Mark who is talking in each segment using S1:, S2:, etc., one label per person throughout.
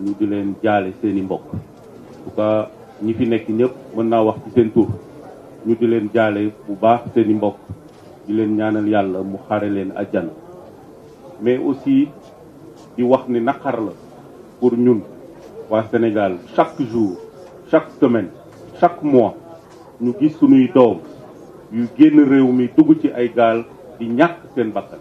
S1: ñu di leen jaale seen i mbokk en tout ñi fi nekk ñëpp mën naa wax ci seen tur ñu di leen jaale bu baax seen i mbokk di leen ñaanal yàlla mu xare leen àjjana mais aussi di wax ni naqar la pour ñun waa Sénégal chaque jour chaque semaine chaque mois ñu gis suñuy doom yu génn réew mi dugg ci ay gaal di ñàkk seen bakkan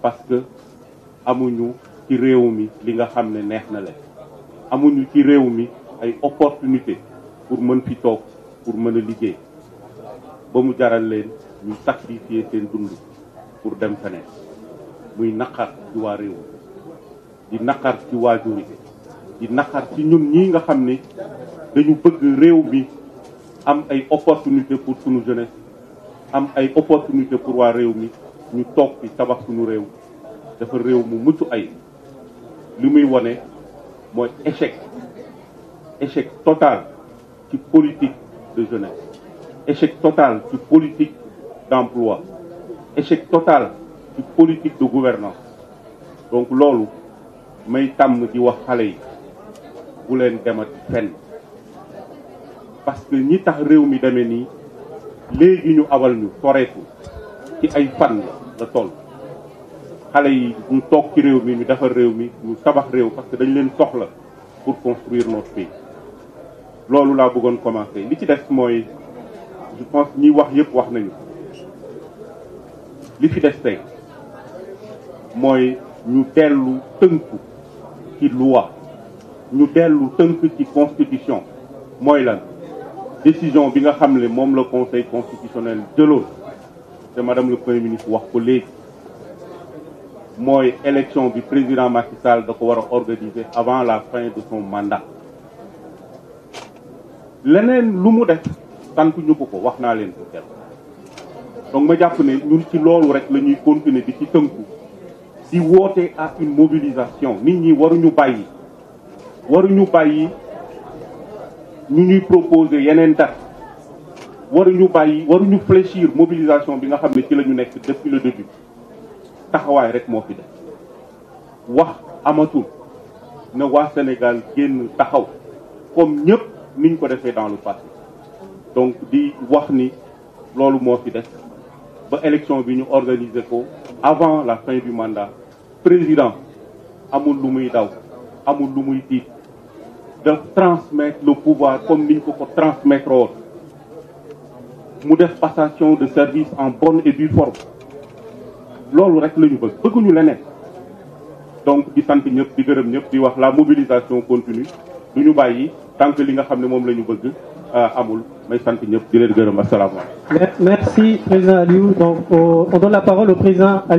S1: parce que amuñu ci réew mi li nga xam ne neex na leen amuñu ci réew mi ay opportunité pour mën fi toog pour mën a liggéey ba mu jaral leen ñu sacrifier seen dund pour dem feneen muy naqar ci waa réew mi di naqar ci waajur yi di naqar ci ñun ñi nga xam ne dañu bëgg réew mi am ay opportunité pour suñu jeunesse am ay opportunité pour waa réew mi ñu toog fi tabax suñu réew dafa réew mu mucc ay li muy wone mooy échec échec total ci politique de jeunesse échec total ci politique d'emploi échec total ci politique de gouvernance donc loolu may tàmm di wax xale yi bu leen demati fenn parce que ñi tax réew mi demee nii léegi ñu abal ñu soreetu ci ay fan la toll xale yi ñu toog ci réew mi ñu defar réew mi ñu tabax réew parce que dañu leen soxla pour construire notre pays loolu laa bëggoon commencer li ci des mooy je pense ñi wax yëpp wax nañu li fi des tey mooy ñu dellu tënku ci loi ñu dellu tënk ci constitution mooy lan décision bi nga xam ne moom la conseil constitutionnel jëloon te madame le premier ministre wax ko léegi Moy élection du président Macky Sall da ko organiser avant la fin de son mandat L'année lu mu def sant ñu ko ko wax naa ko donc ma jàpp ne ñun ci loolu rek la ñuy continuer di ci tënku di à une mobilisation nit nous waruñu waru nous bàyyi ñu ñuy proposer Waru nous waruñu waru nous fléchir mobilisation bi nga xam ci la ñu nekk depuis le début taxaway rek moo fi def wax amatul na wa Sénégal génn taxaw comme ñëpp niñ ko defee dans le passé donc di wax ni loolu moo fi def ba élection bi ñu organiser ko avant la fin du mandat président amul lu muy daw amul lu muy de transmettre le pouvoir comme niñ ko ko transmettre woon mu def passation de service en bonne et due forme lolou rek la ñu bëgg bëgguñu leneen donc di sant ñëpp di gërëm ñëpp di wax la mobilisation continue duñu ñu bàyyi tant que li nga xam ne moom la ñu bëgg euh, amul may sant ñëpp di leen gërëm asalaamaaleykum. merci président Aliou donc on donne la parole au président